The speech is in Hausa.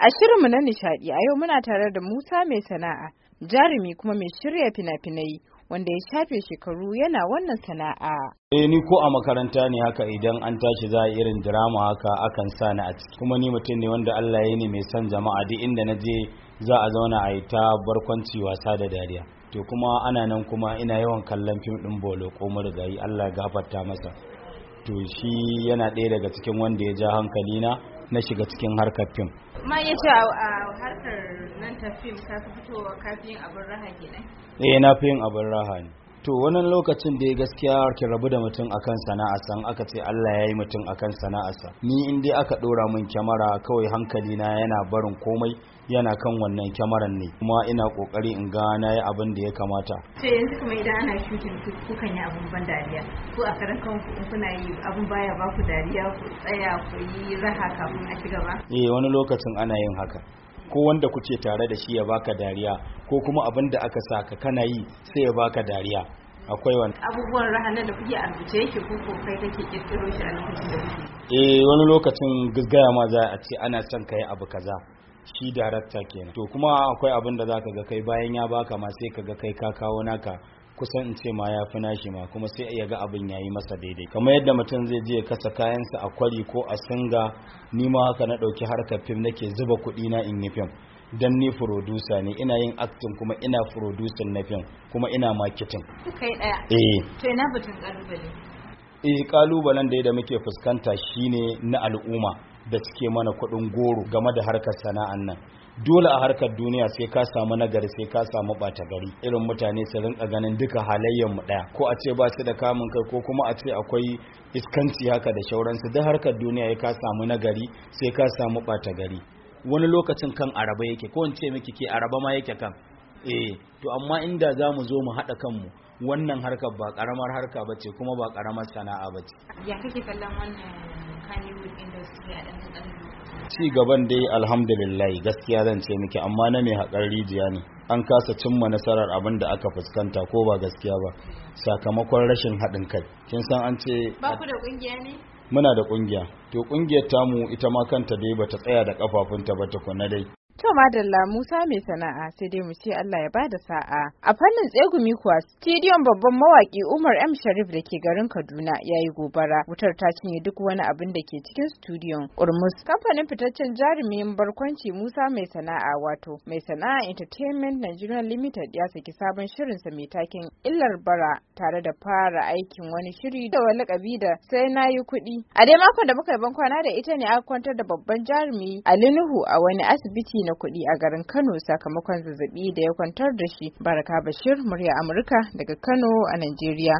A shirinmu na nishaɗi a yau muna tare da Musa mai sana'a, jarumi kuma mai shirya fina-finai wanda ya shafe shekaru yana wannan sana'a. Eh ni ko a makaranta ne haka idan an tashi za a irin drama haka akan sa ni a ciki. Kuma ni mutum ne wanda Allah ya ni mai son jama'a duk inda na je za a zauna a yi ta barkwanci wasa da dariya. To kuma ana nan kuma ina yawan kallon fim ɗin Bolo ko marigayi Allah ya gafarta masa. To shi yana ɗaya daga cikin wanda ya ja hankalina. na shiga cikin harkar fim ma ya ce a harkar nan ta fim ka fi fitowa ka fi yin abin raha kenan eh na fi yin abin raha ne to wannan lokacin da ya gaskiya ki rabu da mutum akan sana'a san aka ce Allah ya yi mutum akan sana'arsa ni in dai aka ɗora mun kyamara kawai hankali na yana barin komai yana kan wannan kyamarar ne kuma ina kokari in ga na yi abin da ya kamata to yanzu kuma idan ana shooting kukan yi abun ban dariya ko a karan kan ku kuna yi abun baya ba ku dariya ku tsaya ku yi raha kafin a ci gaba eh wani lokacin ana yin haka ko wanda kuke tare da shi ya baka dariya ko kuma abin da aka saka kana yi sai ya baka dariya akwai wani abubuwan rahanar da kuke a yake ko ko kai kake kirkiro shi a lokacin da kuke eh wani lokacin gaggaya ma za a ce ana son kai abu kaza shi darakta kenan to kuma akwai abin da zaka ga kai bayan ya baka ma sai ka ga kai ka kawo naka kusan in ce ma ya fi nashi ma kuma sai ya ga abin ya yi masa daidai kamar yadda mutum zai je kasa kayansa a kwari ko a singa ni ma haka na ɗauki harkar fim nake zuba kuɗi na in yi fim don ni furodusa ne ina yin acting kuma ina furodusan na fim kuma ina marketing kai ɗaya eh to ina butun ƙalubale eh ƙalubalen da muke fuskanta shine na al'umma da suke mana kuɗin goro game da harkar sana'an nan dole a harkar duniya sai ka samu nagari sai ka samu ɓata gari irin mutane su rinka ganin duka halayyar mu ɗaya ko a ce ba su da kamun kai ko kuma a ce akwai iskanci haka da shauransu duk harkar duniya ya ka samu nagari sai ka samu ɓata gari wani lokacin kan araba yake ko in miki ke araba ma yake kan eh to amma inda za mu zo mu haɗa kanmu wannan harkar ba ƙaramar harka bace kuma ba ƙaramar sana'a bace. ce ya kake kallon wannan ci gaban dai alhamdulillah gaskiya zan ce miki amma na mai haƙar rijiya ne an kasa cimma nasarar abin da aka fuskanta ko ba gaskiya ba sakamakon rashin haɗin kai kin san an ce ba ku da ƙungiya ne muna da ƙungiya to ƙungiyar tamu ita ma kanta dai bata tsaya da kafafunta ba tukuna dai To madalla Musa mai sana'a sai dai mu ce Allah ya bada sa'a. A fannin tsegumi kuwa stadium babban mawaki Umar M Sharif da ke garin Kaduna ya yi gobara. Wutar ta cinye duk wani abin da ke cikin studiyon. Urmus kamfanin fitaccen jarumin barkwanci Musa mai sana'a wato mai sana'a Entertainment Nigeria Limited ya saki sabon shirinsa mai takin illar bara tare da fara aikin wani shiri da wani lakabi da sai na yi kuɗi. A dai makon da muka yi bankwana da ita ne aka kwantar da babban jarumi Ali Nuhu a wani asibiti na kuɗi a garin Kano sakamakon zazzaɓi da ya kwantar da shi. Baraka Bashir, murya Amurka daga Kano a Najeriya.